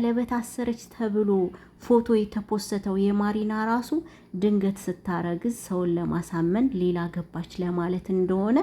ቀለበት አሰረች ተብሎ ፎቶ የተፖሰተው የማሪና ራሱ ድንገት ስታረግዝ ሰውን ለማሳመን ሌላ ገባች ለማለት እንደሆነ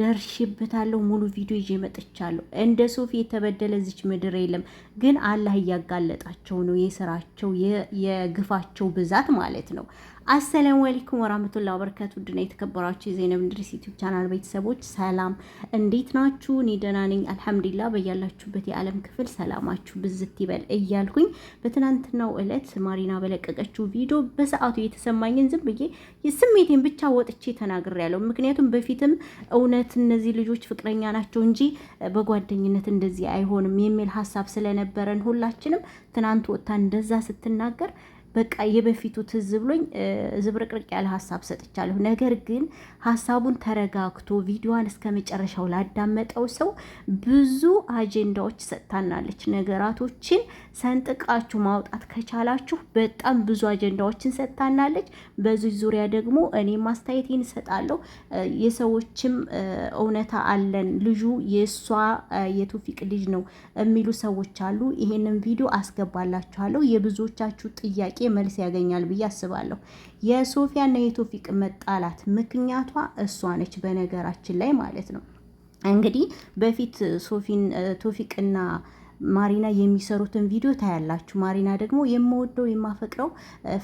ደርሽበታለሁ። ሙሉ ቪዲዮ ይዤ መጥቻለሁ። እንደ ሶፊ የተበደለ ዚች ምድር የለም። ግን አላህ እያጋለጣቸው ነው፣ የስራቸው የግፋቸው ብዛት ማለት ነው። አሰላሙ አለይኩም ወራህመቱላሂ ወበረካቱ። ድና የተከበራችሁ የዘይነብ እንድሪስ ዩቲዩብ ቻናል ቤተሰቦች ሰላም፣ እንዴት ናችሁ? እኔ ደህና ነኝ አልሐምዱሊላህ። በያላችሁበት የዓለም ክፍል ሰላማችሁ ብዝት ይበል እያልኩኝ በትናንትናው እለት ማሪና በለቀቀችው ቪዲዮ በሰዓቱ የተሰማኝን ዝም ብዬ ስሜቴን ብቻ ወጥቼ ተናግሬያለሁ። ምክንያቱም በፊትም እውነት በእውነት እነዚህ ልጆች ፍቅረኛ ናቸው እንጂ በጓደኝነት እንደዚህ አይሆንም የሚል ሀሳብ ስለነበረን ሁላችንም ትናንት ወጥታ እንደዛ ስትናገር በቃ የበፊቱ ትዝ ብሎኝ ዝብርቅርቅ ያለ ሀሳብ ሰጥቻለሁ። ነገር ግን ሀሳቡን ተረጋግቶ ቪዲዮዋን እስከ መጨረሻው ላዳመጠው ሰው ብዙ አጀንዳዎች ሰጥታናለች። ነገራቶችን ሰንጥቃችሁ ማውጣት ከቻላችሁ በጣም ብዙ አጀንዳዎችን ሰጥታናለች። በዚህ ዙሪያ ደግሞ እኔ አስተያየቴን እሰጣለሁ። የሰዎችም እውነታ አለን፣ ልጁ የእሷ የቱፊቅ ልጅ ነው የሚሉ ሰዎች አሉ። ይሄንን ቪዲዮ አስገባላችኋለሁ። የብዙዎቻችሁ ጥያቄ መልስ ያገኛል ብዬ አስባለሁ። የሶፊያና የቶፊቅ መጣላት ምክንያቷ እሷ ነች፣ በነገራችን ላይ ማለት ነው። እንግዲህ በፊት ሶፊን ቶፊቅና ማሪና የሚሰሩትን ቪዲዮ ታያላችሁ። ማሪና ደግሞ የምወደው የማፈቅረው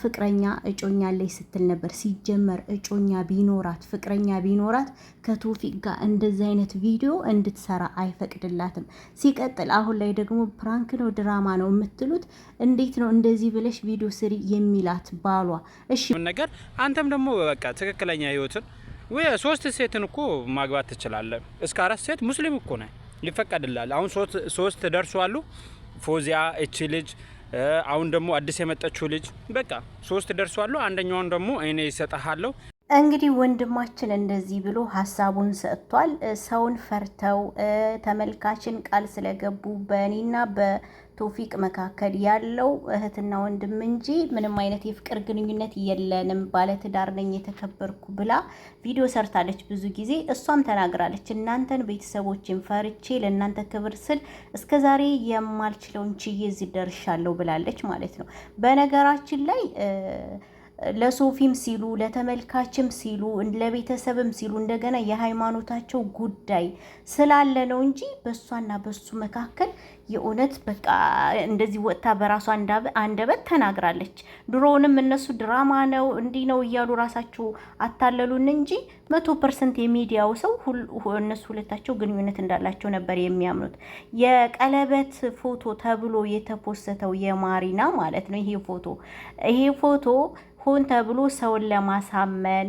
ፍቅረኛ እጮኛ ላይ ስትል ነበር። ሲጀመር እጮኛ ቢኖራት ፍቅረኛ ቢኖራት ከቶፊቅ ጋር እንደዚህ አይነት ቪዲዮ እንድትሰራ አይፈቅድላትም። ሲቀጥል አሁን ላይ ደግሞ ፕራንክ ነው ድራማ ነው የምትሉት እንዴት ነው እንደዚህ ብለሽ ቪዲዮ ስሪ የሚላት ባሏ? እሺ ነገር አንተም ደግሞ በቃ ትክክለኛ ህይወትን ወይ ሶስት ሴትን እኮ ማግባት ትችላለህ። እስከ አራት ሴት ሙስሊም እኮ ነህ ይፈቀድላል። አሁን ሶስት አሉ ፎዚያ እቺ ልጅ አሁን ደግሞ አዲስ የመጣችው ልጅ በቃ ሶስት ደርሷሉ። አንደኛውን ደግሞ እኔ ይሰጠሃለሁ። እንግዲህ ወንድማችን እንደዚህ ብሎ ሀሳቡን ሰጥቷል። ሰውን ፈርተው ተመልካችን ቃል ስለገቡ በእኔና ቶፊቅ መካከል ያለው እህትና ወንድም እንጂ ምንም አይነት የፍቅር ግንኙነት የለንም፣ ባለትዳር ነኝ የተከበርኩ ብላ ቪዲዮ ሰርታለች። ብዙ ጊዜ እሷም ተናግራለች። እናንተን ቤተሰቦችን ፈርቼ ለእናንተ ክብር ስል እስከ ዛሬ የማልችለውን ችዬ እዚህ ደርሻለሁ ብላለች ማለት ነው። በነገራችን ላይ ለሶፊም ሲሉ ለተመልካችም ሲሉ ለቤተሰብም ሲሉ እንደገና የሃይማኖታቸው ጉዳይ ስላለ ነው እንጂ በእሷና በሱ መካከል የእውነት በቃ እንደዚህ ወጥታ በራሷ አንደበት ተናግራለች። ድሮውንም እነሱ ድራማ ነው እንዲህ ነው እያሉ ራሳቸው አታለሉን እንጂ መቶ ፐርሰንት የሚዲያው ሰው እነሱ ሁለታቸው ግንኙነት እንዳላቸው ነበር የሚያምኑት። የቀለበት ፎቶ ተብሎ የተፖሰተው የማሪና ማለት ነው ይሄ ፎቶ ይሄ ፎቶ ሆን ተብሎ ሰውን ለማሳመን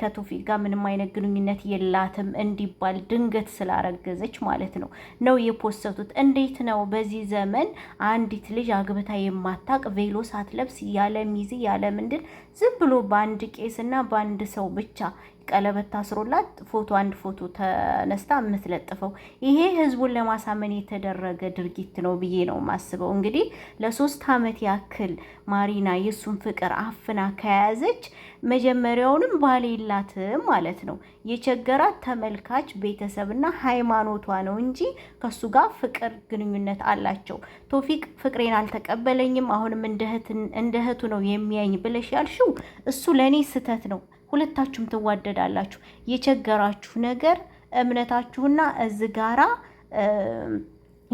ከቶፊቅ ጋር ምንም አይነት ግንኙነት የላትም እንዲባል ድንገት ስላረገዘች ማለት ነው ነው የፖሰቱት። እንዴት ነው በዚህ ዘመን አንዲት ልጅ አግብታ የማታቅ ቬሎ ሳትለብስ ያለ ሚዜ ያለ ምንድን ዝም ብሎ በአንድ ቄስና በአንድ ሰው ብቻ ቀለበት ታስሮላት ፎቶ አንድ ፎቶ ተነስታ የምትለጥፈው ይሄ ህዝቡን ለማሳመን የተደረገ ድርጊት ነው ብዬ ነው የማስበው። እንግዲህ ለሶስት ዓመት ያክል ማሪና የእሱን ፍቅር አፍና ከያዘች መጀመሪያውንም ባህል የላትም ማለት ነው። የቸገራት ተመልካች ቤተሰብና ሃይማኖቷ ነው እንጂ ከሱ ጋር ፍቅር ግንኙነት አላቸው። ቶፊቅ ፍቅሬን አልተቀበለኝም፣ አሁንም እንደ እህቱ ነው የሚያኝ ብለሽ ያልሽው እሱ ለእኔ ስህተት ነው። ሁለታችሁም ትዋደዳላችሁ። የቸገራችሁ ነገር እምነታችሁና እዚህ ጋራ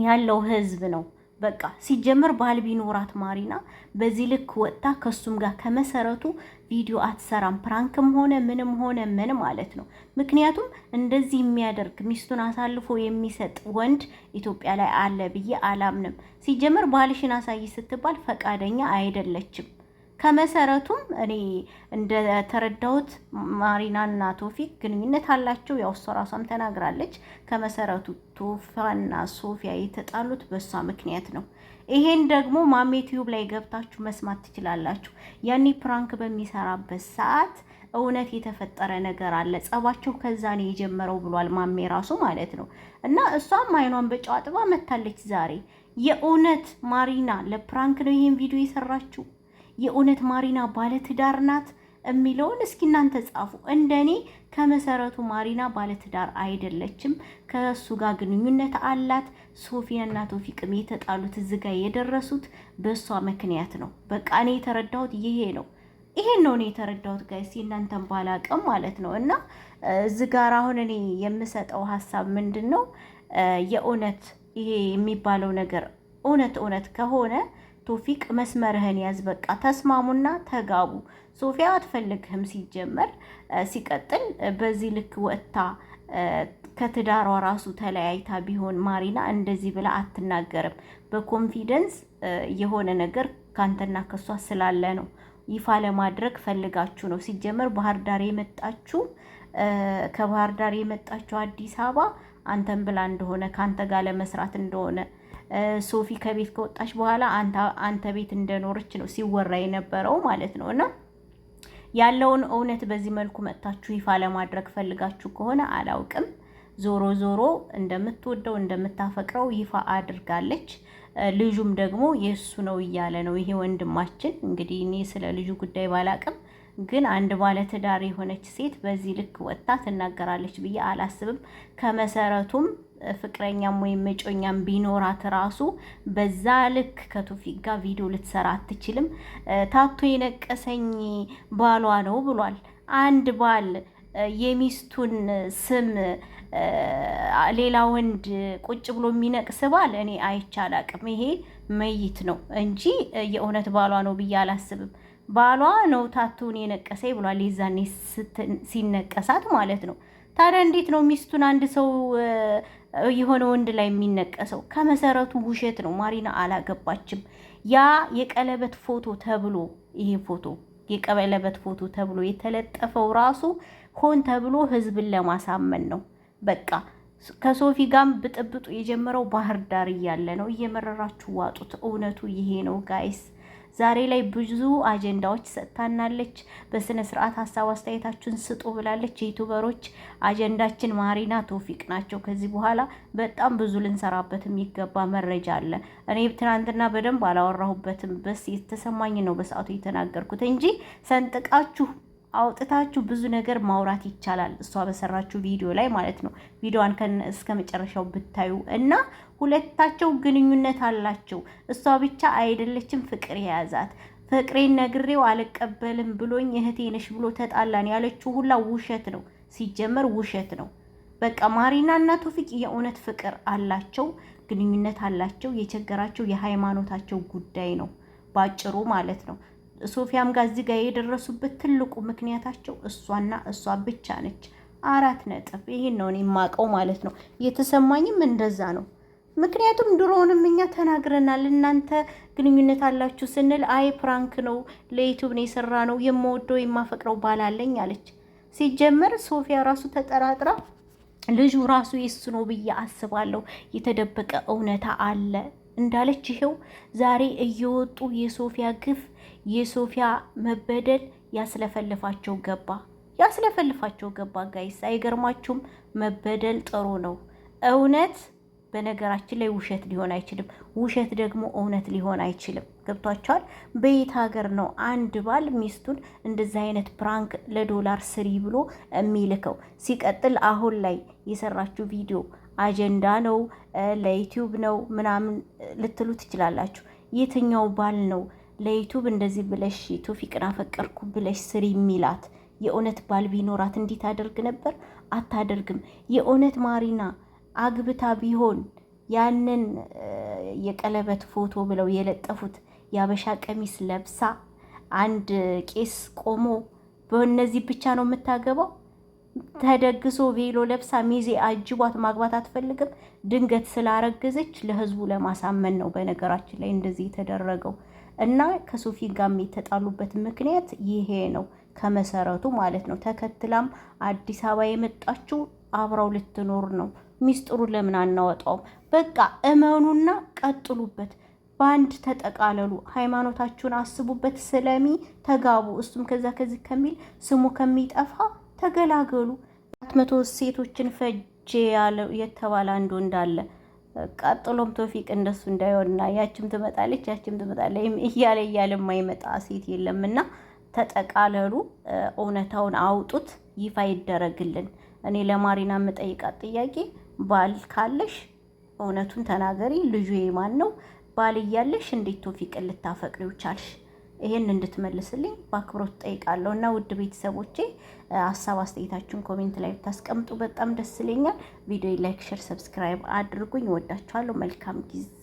ያለው ህዝብ ነው። በቃ ሲጀመር ባል ቢኖራት ማሪና በዚህ ልክ ወጥታ ከሱም ጋር ከመሰረቱ ቪዲዮ አትሰራም። ፕራንክም ሆነ ምንም ሆነ ምን ማለት ነው። ምክንያቱም እንደዚህ የሚያደርግ ሚስቱን አሳልፎ የሚሰጥ ወንድ ኢትዮጵያ ላይ አለ ብዬ አላምንም። ሲጀመር ባልሽን አሳይ ስትባል ፈቃደኛ አይደለችም። ከመሰረቱም እኔ እንደተረዳሁት ማሪናና ቶፊክ ግንኙነት አላቸው። ያው እሷ ራሷም ተናግራለች። ከመሰረቱ ቶፋና ሶፊያ የተጣሉት በእሷ ምክንያት ነው። ይሄን ደግሞ ማሜ ቲዩብ ላይ ገብታችሁ መስማት ትችላላችሁ። ያኔ ፕራንክ በሚሰራበት ሰዓት እውነት የተፈጠረ ነገር አለ፣ ጸባቸው ከዛ ነው የጀመረው ብሏል ማሜ ራሱ ማለት ነው። እና እሷም አይኗን በጨዋጥባ መታለች ዛሬ። የእውነት ማሪና ለፕራንክ ነው ይህን ቪዲዮ የሰራችው የእውነት ማሪና ባለትዳር ናት የሚለውን እስኪ እናንተ ጻፉ። እንደኔ ከመሰረቱ ማሪና ባለትዳር አይደለችም። ከእሱ ጋር ግንኙነት አላት። ሶፊያና ቶፊቅም የተጣሉት እዚጋ የደረሱት በእሷ ምክንያት ነው። በቃ እኔ የተረዳሁት ይሄ ነው። ይሄን ነው እኔ የተረዳሁት ጋይስ፣ እናንተን ባላቅም ማለት ነው። እና እዚ ጋር አሁን እኔ የምሰጠው ሀሳብ ምንድን ነው የእውነት ይሄ የሚባለው ነገር እውነት እውነት ከሆነ ቶፊቅ መስመርህን ያዝ፣ በቃ ተስማሙና ተጋቡ። ሶፊያ አትፈልግህም ሲጀመር፣ ሲቀጥል በዚህ ልክ ወጥታ ከትዳሯ ራሱ ተለያይታ ቢሆን ማሪና እንደዚህ ብላ አትናገርም። በኮንፊደንስ የሆነ ነገር ካንተና ከሷ ስላለ ነው ይፋ ለማድረግ ፈልጋችሁ ነው። ሲጀመር ባህር ዳር የመጣችሁ ከባህር ዳር የመጣችሁ አዲስ አበባ አንተን ብላ እንደሆነ ከአንተ ጋር ለመስራት እንደሆነ ሶፊ ከቤት ከወጣች በኋላ አንተ ቤት እንደኖረች ነው ሲወራ የነበረው ማለት ነው እና ያለውን እውነት በዚህ መልኩ መጥታችሁ ይፋ ለማድረግ ፈልጋችሁ ከሆነ አላውቅም። ዞሮ ዞሮ እንደምትወደው እንደምታፈቅረው ይፋ አድርጋለች። ልጁም ደግሞ የእሱ ነው እያለ ነው ይሄ ወንድማችን። እንግዲህ እኔ ስለ ልጁ ጉዳይ ባላቅም፣ ግን አንድ ባለትዳር የሆነች ሴት በዚህ ልክ ወጥታ ትናገራለች ብዬ አላስብም። ከመሰረቱም ፍቅረኛም ወይም መጮኛም ቢኖራት ራሱ በዛ ልክ ከቶፊቅ ጋር ቪዲዮ ልትሰራ አትችልም። ታቶ የነቀሰኝ ባሏ ነው ብሏል። አንድ ባል የሚስቱን ስም ሌላ ወንድ ቁጭ ብሎ የሚነቅስ ባል እኔ አይቻል አቅም ይሄ መይት ነው እንጂ የእውነት ባሏ ነው ብዬ አላስብም። ባሏ ነው ታቶን የነቀሰኝ ብሏል። የዛኔ ሲነቀሳት ማለት ነው። ታዲያ እንዴት ነው ሚስቱን አንድ ሰው የሆነ ወንድ ላይ የሚነቀሰው ከመሰረቱ ውሸት ነው። ማሪና አላገባችም። ያ የቀለበት ፎቶ ተብሎ ይሄ ፎቶ የቀለበት ፎቶ ተብሎ የተለጠፈው ራሱ ሆን ተብሎ ህዝብን ለማሳመን ነው። በቃ ከሶፊ ጋም ብጥብጡ የጀመረው ባህር ዳር እያለ ነው። እየመረራችሁ ዋጡት። እውነቱ ይሄ ነው ጋይስ። ዛሬ ላይ ብዙ አጀንዳዎች ሰጥታናለች። በስነ ስርዓት ሀሳብ አስተያየታችሁን ስጡ ብላለች። ዩቱበሮች አጀንዳችን ማሪና ቶፊቅ ናቸው። ከዚህ በኋላ በጣም ብዙ ልንሰራበት የሚገባ መረጃ አለ። እኔ ትናንትና በደንብ አላወራሁበትም፣ በስ የተሰማኝ ነው በሰዓቱ የተናገርኩት እንጂ ሰንጥቃችሁ አውጥታችሁ ብዙ ነገር ማውራት ይቻላል። እሷ በሰራችሁ ቪዲዮ ላይ ማለት ነው። ቪዲዮዋን እስከ መጨረሻው ብታዩ እና ሁለታቸው ግንኙነት አላቸው። እሷ ብቻ አይደለችም ፍቅር የያዛት ፍቅሬን ነግሬው አልቀበልም ብሎኝ እህቴ ነሽ ብሎ ተጣላን ያለችው ሁላ ውሸት ነው። ሲጀመር ውሸት ነው። በቃ ማሪና እና ቶፊቅ የእውነት ፍቅር አላቸው፣ ግንኙነት አላቸው። የቸገራቸው የሃይማኖታቸው ጉዳይ ነው፣ ባጭሩ ማለት ነው። ሶፊያም ጋር እዚህ ጋር የደረሱበት ትልቁ ምክንያታቸው እሷና እሷ ብቻ ነች። አራት ነጥብ። ይህን ነው እኔ የማውቀው ማለት ነው። የተሰማኝም እንደዛ ነው። ምክንያቱም ድሮውንም እኛ ተናግረናል። እናንተ ግንኙነት አላችሁ ስንል አይ ፕራንክ ነው ለዩቱብ ነው የሰራ ነው የምወደው የማፈቅረው ባላለኝ አለች። ሲጀመር ሶፊያ ራሱ ተጠራጥራ ልጁ ራሱ የሱ ነው ብዬ አስባለሁ፣ የተደበቀ እውነታ አለ እንዳለች ይኸው ዛሬ እየወጡ የሶፊያ ግፍ የሶፊያ መበደል ያስለፈልፋቸው ገባ ያስለፈልፋቸው ገባ። ጋይስ አይገርማችሁም? መበደል ጥሩ ነው። እውነት በነገራችን ላይ ውሸት ሊሆን አይችልም። ውሸት ደግሞ እውነት ሊሆን አይችልም። ገብቷቸዋል። በየት ሀገር ነው አንድ ባል ሚስቱን እንደዚህ አይነት ፕራንክ ለዶላር ስሪ ብሎ የሚልከው? ሲቀጥል አሁን ላይ የሰራችው ቪዲዮ አጀንዳ ነው ለዩቲዩብ ነው ምናምን ልትሉ ትችላላችሁ። የትኛው ባል ነው ለዩቱብ እንደዚህ ብለሽ ቶፊቅን አፈቀርኩ ብለሽ ስሪ የሚላት የእውነት ባል ቢኖራት እንዲት አደርግ ነበር? አታደርግም። የእውነት ማሪና አግብታ ቢሆን ያንን የቀለበት ፎቶ ብለው የለጠፉት የአበሻ ቀሚስ ለብሳ አንድ ቄስ ቆሞ በእነዚህ ብቻ ነው የምታገባው? ተደግሶ ቬሎ ለብሳ ሚዜ አጅቧት ማግባት አትፈልግም። ድንገት ስላረገዘች ለህዝቡ ለማሳመን ነው። በነገራችን ላይ እንደዚህ የተደረገው እና ከሶፊ ጋርም የተጣሉበት ምክንያት ይሄ ነው ከመሰረቱ ማለት ነው። ተከትላም አዲስ አበባ የመጣችው አብራው ልትኖር ነው። ሚስጥሩ ለምን አናወጣውም? በቃ እመኑና ቀጥሉበት፣ በአንድ ተጠቃለሉ፣ ሃይማኖታችሁን አስቡበት፣ ስለሚ ተጋቡ፣ እሱም ከዛ ከዚህ ከሚል ስሙ ከሚጠፋ ተገላገሉ። አራት መቶ ሴቶችን ፈጅ የተባለ አንዱ እንዳለ ቀጥሎም ቶፊቅ እንደሱ እንዳይሆንና ያችም ትመጣለች ያችም ትመጣለች እያለ እያለ የማይመጣ ሴት የለምና ተጠቃለሉ፣ እውነታውን አውጡት፣ ይፋ ይደረግልን። እኔ ለማሪና የምጠይቃት ጥያቄ ባል ካለሽ እውነቱን ተናገሪ። ልጁ የማን ነው? ባል እያለሽ እንዴት ቶፊቅን ልታፈቅሪው ቻልሽ? ይሄን እንድትመልስልኝ በአክብሮት ጠይቃለሁ። እና ውድ ቤተሰቦቼ ሀሳብ አስተያየታችሁን ኮሜንት ላይ ብታስቀምጡ በጣም ደስ ይለኛል። ቪዲዮ ላይክ፣ ሸር፣ ሰብስክራይብ አድርጉኝ። ወዳችኋለሁ። መልካም ጊዜ